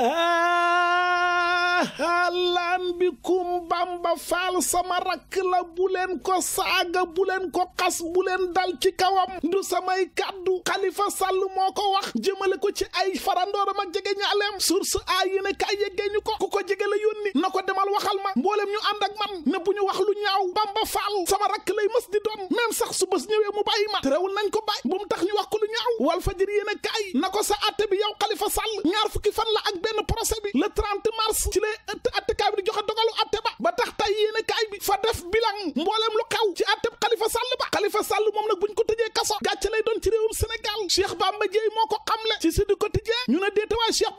ahlan bikum Bamba Faal sama rakk la bu leen ko saaga bu leen ko xas bu leen dal ci kawam du samay kàddu Xalifa Sàll moo ko wax jëmale ko ci ay farandooram ak jege ñaaleem source a yi ne kay yeggee ñu ko ku ko jege la yónni na ko demal waxal ma mboolem ñu ànd ak man ne bu ñu wax lu ñaaw Bamba Faal sama rakk lay mës di doon même sax su bës ñëwee mu bàyyi ma terewul nañ ko bàyyi bu mu tax ñu wax ko wal fajër yéen a kaay na ko sa atte bi yow Khalifa Sall ñaar fukki fan la ak benn procès bi le 30 mars ci lay ëtt attekaay bi di joxe dogalu atte ba ba tax tey yéen a kaay bi fa def bilan mbooleem lu xew ci atte Khalifa Sall ba Khalifa Sall moom nag buñ ko tëjee kaso gàcce lay doon ci réewum Sénégal Cheikh Bamba Dièye moo ko xamle ci Sud Quotidien ñu ne déetawaay Cheikh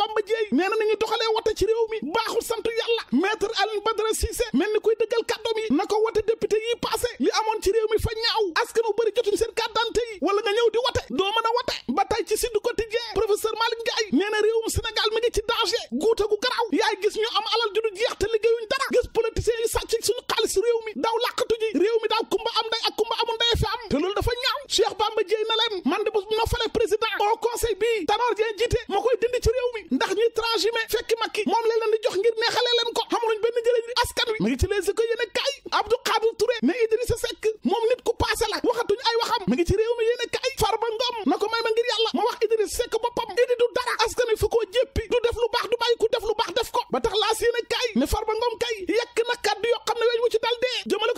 fekki Macky moom leen leen jox ngir neexalee leen ko xamuñ benn njëriñ li askan wi mi ngi ci les écoles yéen a kaay Abdou Khadir Touré ne Idrissa Seck moom nit ku paase la waxatuñ ay waxam mi ngi ci réew mi yéen a kaay Farba Ngom na ko may ma ngir yàlla ma wax Idrissa Seck boppam idi du dara askan wi fu koo jéppi du def lu baax du bàyyi ku def lu baax def ko ba tax laas yéen a kaay ne Farba Ngom kay yekk na kàddu yoo ne weñ wu ci dal dee jëmale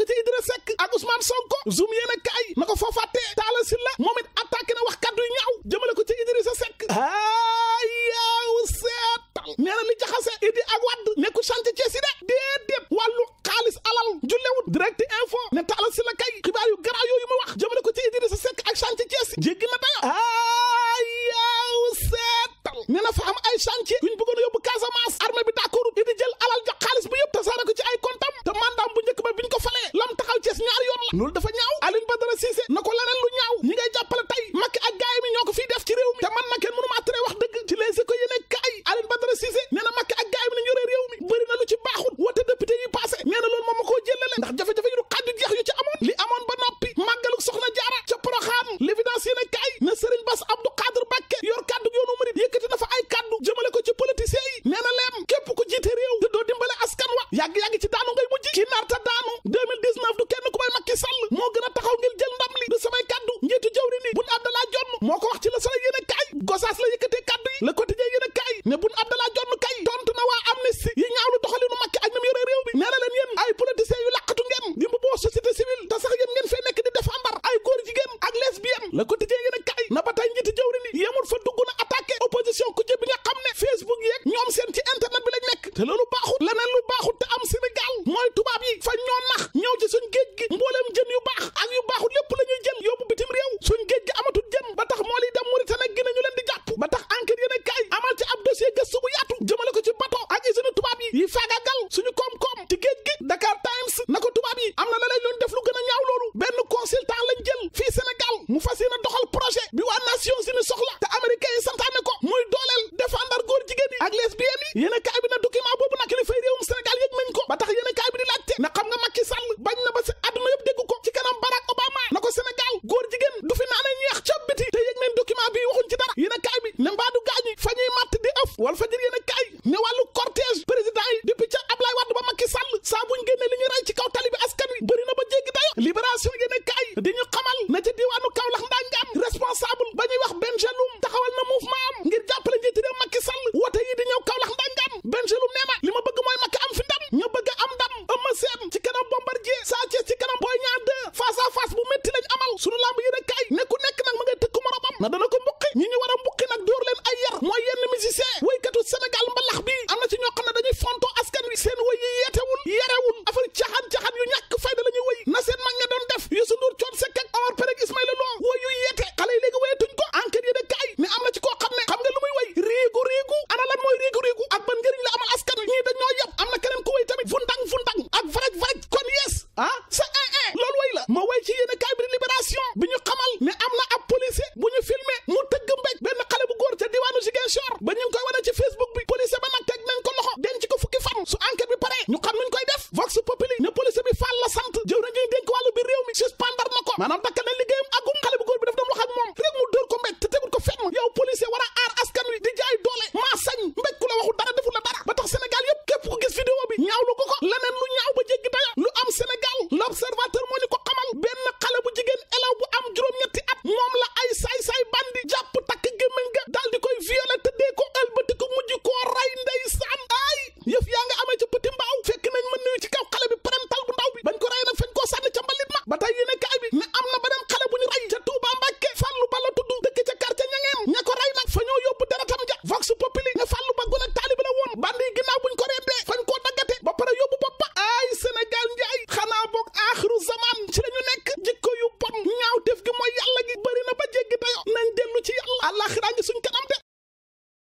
ne na fa am ay chantier yu ñu a yóbbu Casamance armée bi d'accord idi jël alal jox xaalis bu yëpp tasaare ko ci ay kontam te mandaam bu njëkk ba biñ ko falee lam taxal Cees ñaari yoon la loolu dafa ñaaw Alioune Badara Cissé na ko leneen lu ñaaw ñi ngay jàppale tey Macky ak gaay ñoo ko fiy def ci réew mi te man na kenn mënu maa wax dëgg ci les écoles yi nekk kaay Alioune Badara Cissé nee na Macky ak gaay mi nañu réew mi bëri na lu ci baaxut wote la yéen a kaay gosaas la yëkkatee kàddu yi kay tontu na waa amnistie yi ñaawlu doxalinu Macky ak nam yore réew bi nee na ay politiciens yu làqatu ngeen di mbubboo société civile te sax yéen ngeen fee nekk di def ambar ay góor jigéen ak lesbienne le quotidien but number منطق